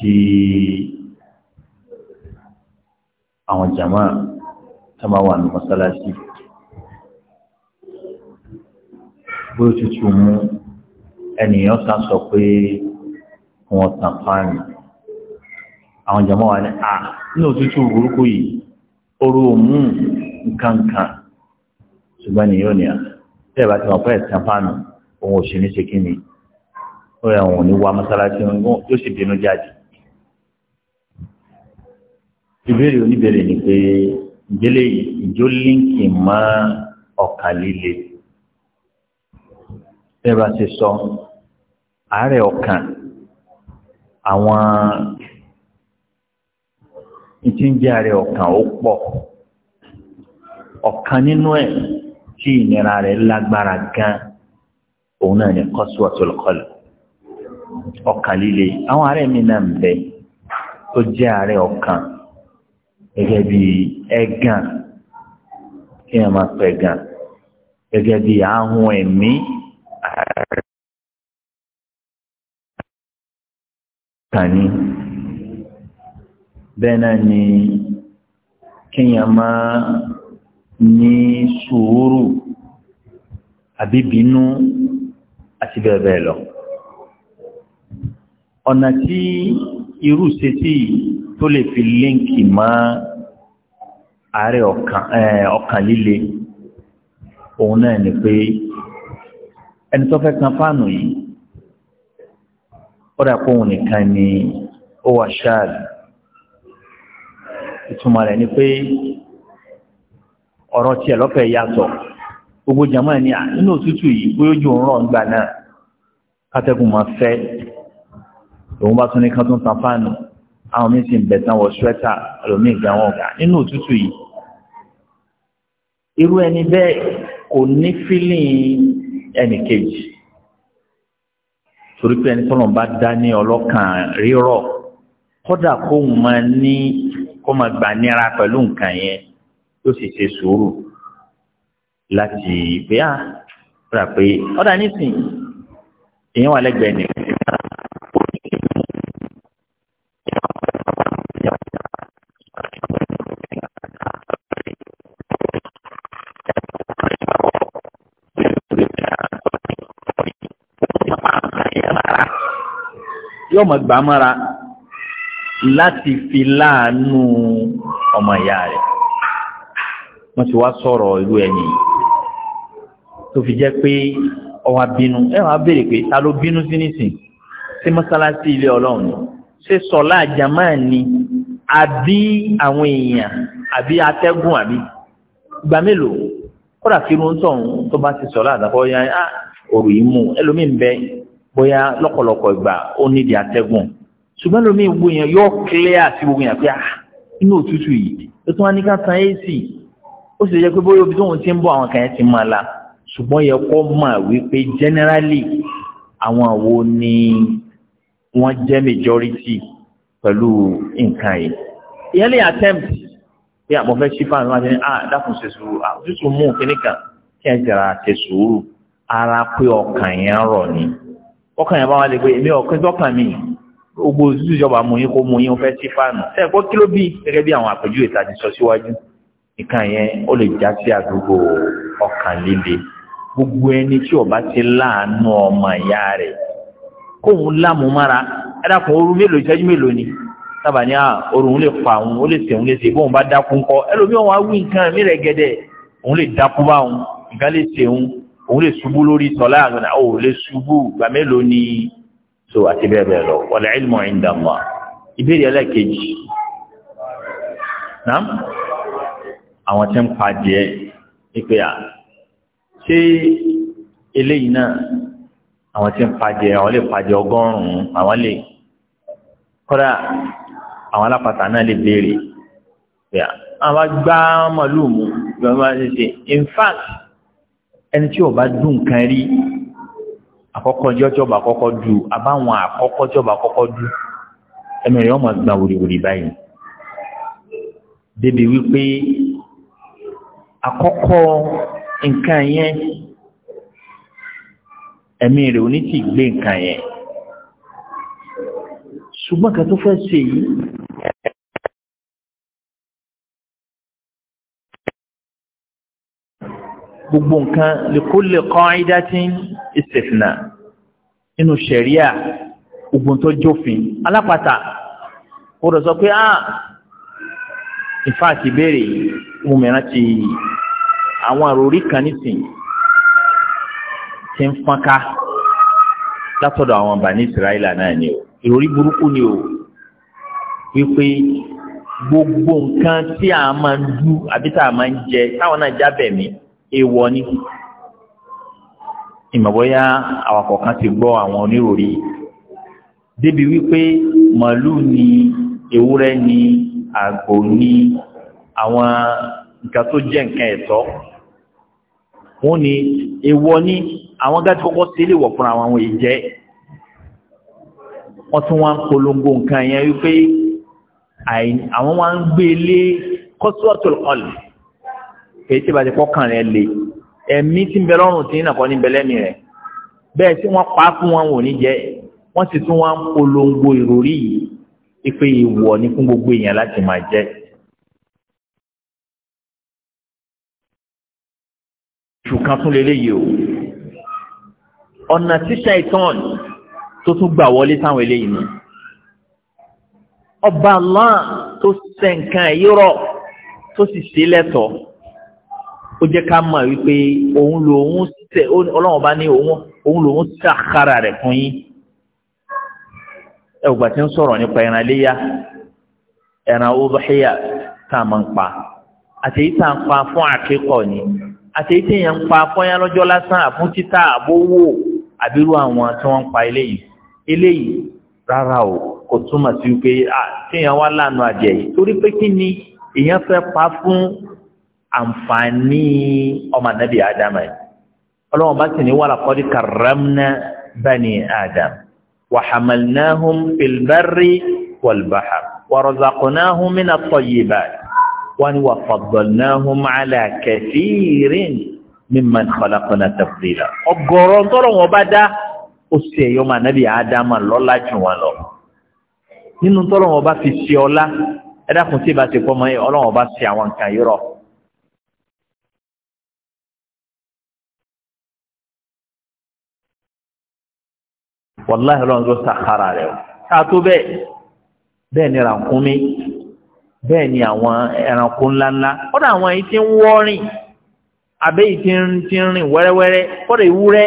tí àwọn jàmá tábà wà ní mọ́sálásí bó tutù mú ènìyàn sá sọ pé wọ́n tàn fáàmì àwọn jàmá wà ní à nínú òtútù burúkú yìí oró mú nkankan ṣùgbọ́n ènìyàn ni à tẹ́ẹ̀ bá ti wọ́n fẹ́ẹ̀ tàn fáàmì òun ò sì ní ṣe kí ni ó yà wọn ò ní wá mọ́sálásí wọn yóò sì bínú jáde ìbéèrè oníbèrè ni pé ìdílé ìjó líǹkì mọ́ ọkàn líle bẹ́ẹ̀ bá ti sọ àárẹ̀ ọkàn àwọn ìtí ń jẹ́ àárẹ̀ ọkàn ó pọ̀ ọ̀kan nínú ẹ̀ tí ìnira rẹ̀ lágbára gan òun náà ni qaswatul qalb ọkàn líle àwọn àárẹ̀ mi náà ń bẹ tó jẹ́ àárẹ̀ ọkàn gẹ́gẹ́ bí ẹ̀gàn kí ẹ máa pẹ̀ gàn gẹ́gẹ́ bí ahun ẹ̀mí kàní bẹ́ẹ̀ náà ni kíyàn máa ní sùúrù àbíbínú àti bẹ́ẹ̀ bẹ́ẹ̀ lọ ọ̀nà tí irú ṣe tí tó lè fi líǹkì máa àárẹ̀ ọkàn líle òun náà ni pé ẹni tó fẹ́ kan fáànù yìí ó nìkan ni ó wà ṣáàlì ìtumọ̀ rẹ̀ ni pé ọ̀rọ̀ tiẹ̀ lọ́fẹ̀ẹ́ yàtọ̀ gbogbo jama ni à nínú òtútù yìí bóyá ojú òun rọ̀ ńgbà náà kátẹ́gùn máa fẹ́ òun bá tún ní fáànù àwọn míín ṣúẹ́tà irú ẹni bẹ́ẹ̀ kò ní fílìn ẹnìkejì torí pé ẹni tọ́lọ̀ bá dá ní ọlọ́kàn rírọ̀ kódà kó máa ní kó máa gbà níra pẹ̀lú nǹkan yẹn tó sì ṣe sùúrù láti bí a rà pé ọ̀dà ah, nísìnyí èèyàn wà lẹ́gbẹ̀ẹ́ nìkan. yóò mọ̀ gbà mọ́ra láti fi láàánú ọmọ ìyá rẹ̀ wọ́n ti wá sọ̀rọ̀ irú ẹni tó fi jẹ́ pé ọwà bínú ẹ wàá béèrè pé ta ló bínú sí nísìn ṣé mọ́sálásí ilé ọlọ́run ni ṣé sọ̀lá àjàmáà ni àbí àwọn èèyàn àbí atẹ́gùn àbí gbà mélòó kódà kí ló ń tọ̀hún tó bá ti sọ̀lá àdàkọ́ yẹn ah, òrùn yìí mú ẹlòmíín bẹ́ẹ̀ bóyá lọ́pọ̀lọpọ̀ ìgbà ó nídìí atẹ́gùn ṣùgbọ́n lómi ìwú yẹn yóò clear sí gbogbo yẹn pé ah inú òtútù yìí ó tún wá ní ká tan ac ó sì jẹ́ pé bóyá ibi tóun ti ń bọ̀ àwọn kan yẹn ti máa la ṣùgbọ́n yẹ kó mọ̀ wípé generally àwọn wo ni wọ́n jẹ́ majority pẹ̀lú nǹkan yìí ìyẹn lè attempt pé àmọ́ ah, fẹ́ ṣí fáwọn ọmọdé ní ah dákun ṣe sùúrù ah mú kíníkan kí ẹ jẹrà ṣe sùúrù ara pé ọkàn yẹn rọ̀ ni ọkàn yẹn bá wọn lè gbé èmi ọ̀kẹ́ dọ́kàn mi gbogbo òtútù ìjọba mú yín kó mú yín ó fẹ́ sí fáànù sẹ́ẹ̀kọ́ kí ló bí gẹ́gẹ́ bí àwọn àpèjúwe ta ti sọ síwájú nǹkan yẹn ó lè já sí àdúgbò ọkàn líle gbogbo ẹni tí ọba ti láàánú ọmọ ìyá rẹ̀ kóun lámúmára ẹ dákun ooru mélòó ìṣẹ́jú mélòó ni sábà ní oòrùn lè pa òun ó lè sèun lè sè bóun bá dákun kọ ẹlòmíràn wá wí nǹkan mi rẹ̀ gẹ́dẹ̀ òun lè dákun bá òun nǹkan lè sèun òun lè ṣubú lórí sọlá àwọn náà òun oh, lè ṣubú gbà mélòó ni so àti bẹ́ẹ̀ bẹ́ẹ̀ lọ wọlé ilmu inda Allah ìbéèrè ẹlẹ́kejì nàám àwọn tí ń pa adìẹ ìpè à ṣé eléyìí náà àwọn tí ń pa adìẹ àwọn lè pa adìẹ ọgọ́rùn-ún àwọn lè kọ́dà àwọn alápàtà náà lè béèrè pé à àwọn gbá màlúù mú bí bá ṣe ṣe in fact ẹni tí ó bá dùn kan rí àkọ́kọ́ jọ́ tí ó bá kọ́kọ́ dù àbáwọn àkọ́kọ́ tí ó bá kọ́kọ́ dù ẹnu rẹ̀ ọmọ gbà wòlíwòlí báyìí débi wípé àkọ́kọ́ nǹkan yẹn ẹ̀mí rẹ̀ ò ti gbé nǹkan yẹn ṣùgbọ́n kan tó fẹ́ ṣe yìí gbogbo nǹkan lèkólè qa'idatin istithna nínú ṣẹ̀ríà ogun tó jófin alápàtà ó rẹ̀ sọ pé ah ìfáàtì béèrè mo mìíràn ti àwọn àròrí kan nísìn ti ń fọ́nká látọ̀dọ̀ àwọn bàní ìsìráìlà náà ni o ìròrí burúkú ni o wípé gbogbo nǹkan tí a máa ń dú àbí tá a máa ń jẹ táwọn náà jábẹ̀ mi èèwọ̀ ni ìmọ̀bọ́yá àwàkọ̀ kan ti gbọ́ àwọn oníròrí débi wípé màálù ni ewúrẹ́ ni àgbò ni àwọn nǹkan tó jẹ́ nǹkan ẹ̀tọ́ wọ́n ní èèwọ̀ ni àwọn gáàtì kọ́kọ́ sí ilé wọ̀ fúnra àwọn ìjẹ́ wọ́n tún wá ń polongo nǹkan yẹn wípé àwọn wá ń gbé ilé kọ́sùwọ́tò ọ̀lẹ̀ èyí tí ìbàdí kọ́kàn rẹ̀ le ẹ̀mí tí ń bẹ lọ́rùn tí ń nàkọ́ ní bẹlẹ́mì rẹ̀ bẹ́ẹ̀ tí wọ́n pa fún wọn wò ní jẹ́ wọ́n sì tún wá ń polongo ìròrí yìí ipe ìwọ̀ ni fún gbogbo èèyàn láti máa jẹ́. ṣùkan tún lélẹ́yìí o ọ̀nà tíṣà ìtàn tó tún gbà wọlé sáwọn eléyìí ni ọba aláà tó ṣe nǹkan ẹ̀yọ́rọ̀ tó sì ṣe lẹ́tọ̀ọ́ ó jẹ́ ká mọ̀ wípé òun lòun tẹ̀ ọlọ́run bá ní òun lòun sàkárà rẹ̀ fún yín ẹ ògbà tí ń sọ̀rọ̀ nípa ẹran léyà ẹran udhiya tá a máa ń pa àtẹ̀yí tá a ń pa fún àkíkọ̀ ni àtẹ̀yí tí èèyàn ń pa fún yẹn lọ́jọ́ lásán àfún títà àbówò àbírú àwọn tí wọ́n ń pa eléyìí eléyìí rárá o kò túmọ̀ sí wípé téèyàn wá lánàá àjẹ́ yìí torí pé kí ni èèyàn fẹ́ pa fún àǹfààní ọmọ ànábì ádámà yìí ọlọ́wọ́n bá sì ní wàrà kọ́dí kàrámnà bani ádám wa hamalnahum fil barri wal bahr wa razaqnahum min at-tayyibat wa ni wa faddalnahum ala kathirin mimman khalaqna tafdila ọ̀gọ̀rọ̀ tọrọ wọn bá dá nínú tọrọ bá fi ṣe ọlá ẹ dákun tí bá ti pọ mọ ọlọ́wọ́n bá ṣe àwọn nǹkan yìí rọ. wàláhì lọ́n ló sàkárà rẹ̀ o káàtó bẹ́ẹ̀ bẹ́ẹ̀ ni ràkúnmí bẹ́ẹ̀ ni àwọn ẹranko ńláńlá kódà àwọn èyí tí ń wọ́rìn abẹ́ yìí tí ń tí ń rìn wẹ́rẹ́wẹ́rẹ́ kódà ìwúrẹ́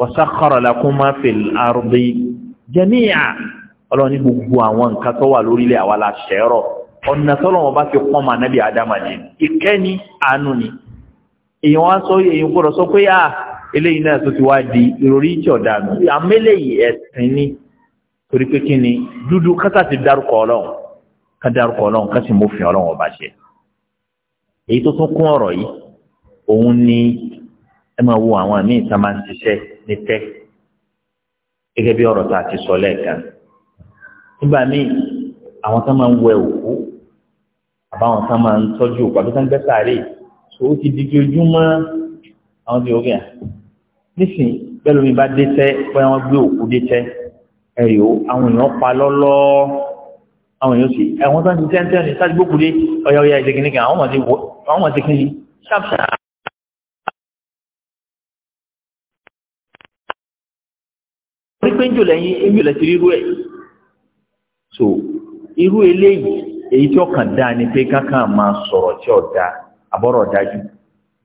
wàsàkárà lakum ma fil ardi jami'a ọlọ́ni gbogbo àwọn nǹkan tó wà lórílẹ̀ àwa la ṣẹ́rọ̀ ọ̀nà tọ́lọ́wọ́ bá fi pọ́n mà nábì ádámà ìkẹ́ni àánú ni èèyàn wá sọ èèyàn gbọ́dọ̀ sọ pé ah, eléyìí náà tó ti wá di ìròrí ìtì ọ̀daràn àmẹ́lẹ́yìí ẹ̀sìn ni torí pé kí ni dúdú kátà ti dárúkọ ọlọ́run ká dárúkọ ọlọ́run ká sì mófin ọlọ́run ọba ṣe èyí tó tún kún ọ̀rọ̀ yìí òun ni ẹ máa wo àwọn àmì ìta máa ń ṣiṣẹ́ ní tẹ́ gẹ́gẹ́ bí ọ̀rọ̀ tá a ti sọ lẹ́ẹ̀kan nígbà míì àwọn tó máa ń wẹ òkú àbáwọn tó máa ń tọ́jú òkú àbí tó ń gbẹ́ sáré so ó ti di ojoojúmọ́ àwọn tí ó gẹ̀ nísìn bẹ́ẹ̀ lómi bá dé tẹ́ bóyá wọ́n gbé òkú dé tẹ́ ẹ̀yọ́ àwọn èèyàn pa lọ́lọ́ àwọn èèyàn sì ẹ̀wọ̀n tó ń ti tẹ́ntẹ́ ní sáájú gbókù dé ọ̀yà ọ̀yà ìdẹ́gìní kan àwọn ọmọ ti kí ni ṣáàpù ní pé ń jò lẹ́yìn ń jò lẹ́sìn irú ẹ̀ so irú eléyìí èyí tí ọkàn dáa ni pé kákan máa sọ̀rọ̀ tí ọ̀dà àbọ̀rọ̀ dájú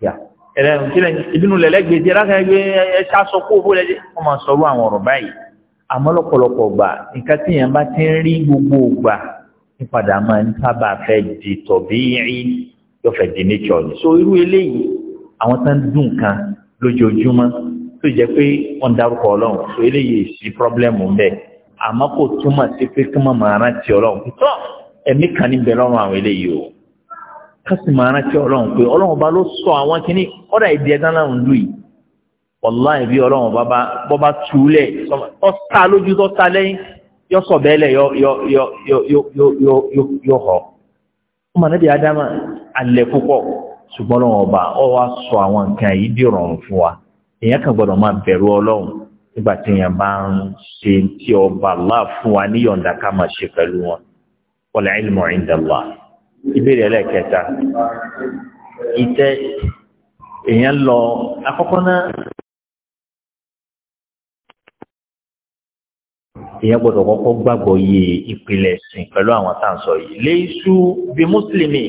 yà ẹ̀rẹ̀ ìkílẹ̀ ìbínú lẹ̀lẹ́gbẹ̀ẹ́ ti rákàn ẹgbẹ́ ẹ̀ṣá sọ kó owó lẹ́jẹ́ wọ́n máa sọ̀rọ̀ àwọn ọ̀rọ̀ báyìí àmọ́ lọ́pọ̀lọpọ̀ gbà nǹkan tí èèyàn bá ti ń rí gbogbo gbà nípadà máa ń sábà fẹ́ di tọ̀bí rí yóò di nature ni so irú eléyìí àwọn tó dùn kan lójoojúmọ́ tó jẹ́ pé wọ́n dárúkọ ọlọ́run so eléyìí sí pọ́blẹ́mù ń bẹ àmọ́ kò túmọ̀ sí pé kí wọ́n máa rántí ọlọ́run tó ẹ̀mí kan níbẹ̀ lọ́rùn àwọn eléyìí o kásì máa rántí ọlọ́run pé ọlọ́run bá ló sọ àwọn kìíní ọ̀dà ìdí ẹ̀dá náà ń lù yìí ọ̀la ìbí ọlọ́run bàbá bọ́bá túlẹ̀ ọ̀sá lójú tó lẹyìn yọ sọ bẹ́ẹ̀lẹ̀ yọ họ. ọmọ adama alẹ́ ọba ọ wa sọ àwọn nǹkan yìí fún wa èèyàn kan máa nígbà tí èèyàn bá ń ṣe ọba fún wa ká máa ìbéèrè ẹlẹ́ẹ̀kẹta ìtẹ́ èèyàn lọ akọ́kọ́ náà èèyàn gbọ́dọ̀ kọ́kọ́ gbàgbọ́ yé ìpìlẹ̀ sìn pẹ̀lú àwọn tá à ń sọ yìí léṣu bí mùsùlùmí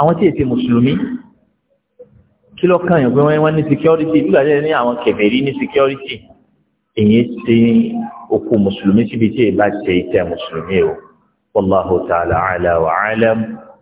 àwọn tí èsì mùsùlùmí kí ló kàn yín pé wọ́n ní security bí gbàdé ní àwọn kèfèrí ní security èyí ti òkú mùsùlùmí síbi tí èyí bá ṣe ìtẹ́ mùsùlùmí o wallahu ta'ala ala wa alam.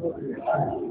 Gracias.